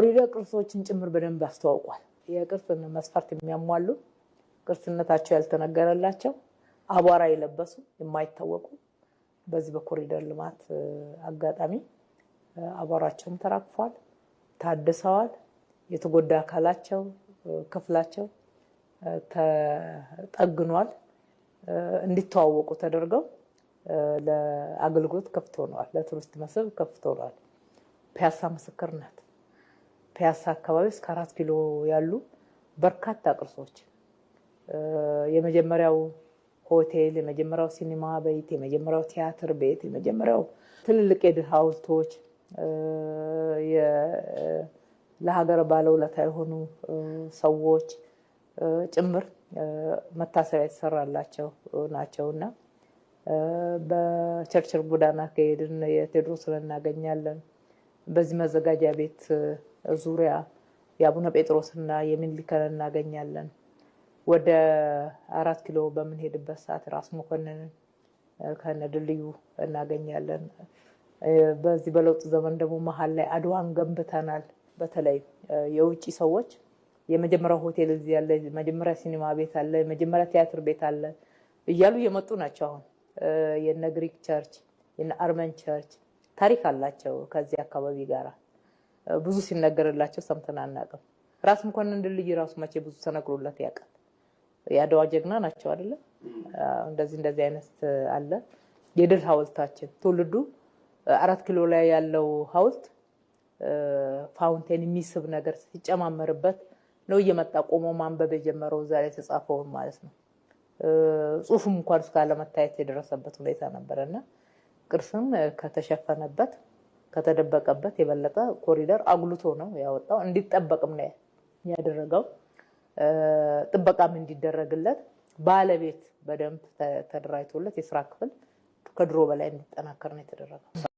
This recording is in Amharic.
የኮሪደር ቅርሶችን ጭምር በደንብ አስተዋውቋል። የቅርስ መስፈርት የሚያሟሉ ቅርስነታቸው ያልተነገረላቸው፣ አቧራ የለበሱ፣ የማይታወቁ በዚህ በኮሪደር ልማት አጋጣሚ አቧራቸውም ተራክፏል ታድሰዋል። የተጎዳ አካላቸው ክፍላቸው ተጠግኗል። እንዲተዋወቁ ተደርገው ለአገልግሎት ክፍት ሆነዋል። ለቱሪስት መስህብ ክፍት ሆነዋል። ፒያሳ ምስክር ናት። ፒያሳ አካባቢ እስከ አራት ኪሎ ያሉ በርካታ ቅርሶች የመጀመሪያው ሆቴል፣ የመጀመሪያው ሲኒማ ቤት፣ የመጀመሪያው ቲያትር ቤት፣ የመጀመሪያው ትልልቅ የድል ሐውልቶች ለሀገር ባለውለታ የሆኑ ሰዎች ጭምር መታሰቢያ የተሰራላቸው ናቸው እና በቸርችል ጎዳና ከሄድን የቴዎድሮስን እናገኛለን። በዚህ መዘጋጃ ቤት ዙሪያ የአቡነ ጴጥሮስና የሚኒሊክን እናገኛለን። ወደ አራት ኪሎ በምንሄድበት ሰዓት ራስ መኮንንን ከነ ድልድዩ እናገኛለን። በዚህ በለውጥ ዘመን ደግሞ መሀል ላይ አድዋን ገንብተናል። በተለይ የውጭ ሰዎች የመጀመሪያ ሆቴል እዚህ ያለ፣ የመጀመሪያ ሲኒማ ቤት አለ፣ የመጀመሪያ ቲያትር ቤት አለ እያሉ እየመጡ ናቸው። አሁን የነ ግሪክ ቸርች፣ የነ አርመን ቸርች ታሪክ አላቸው ከዚህ አካባቢ ጋራ ብዙ ሲነገርላቸው ሰምተን አናውቅም። ራስ መኮንን ድልድይ ራሱ መቼ ብዙ ተነግሮለት ያውቃል። የአድዋ ጀግና ናቸው አይደለም? እንደዚህ እንደዚህ አይነት አለ። የድል ሀውልታችን ትውልዱ አራት ኪሎ ላይ ያለው ሀውልት ፋውንቴን የሚስብ ነገር ሲጨማመርበት ነው እየመጣ ቆሞ ማንበብ የጀመረው እዛ ላይ የተጻፈውን ማለት ነው። ጽሁፉም እንኳን እስካለመታየት የደረሰበት ሁኔታ ነበረ እና ቅርስም ከተሸፈነበት ከተደበቀበት የበለጠ ኮሪደር አጉልቶ ነው ያወጣው። እንዲጠበቅም ነው ያደረገው። ጥበቃም እንዲደረግለት ባለቤት በደንብ ተደራጅቶለት የስራ ክፍል ከድሮ በላይ እንዲጠናከር ነው የተደረገው።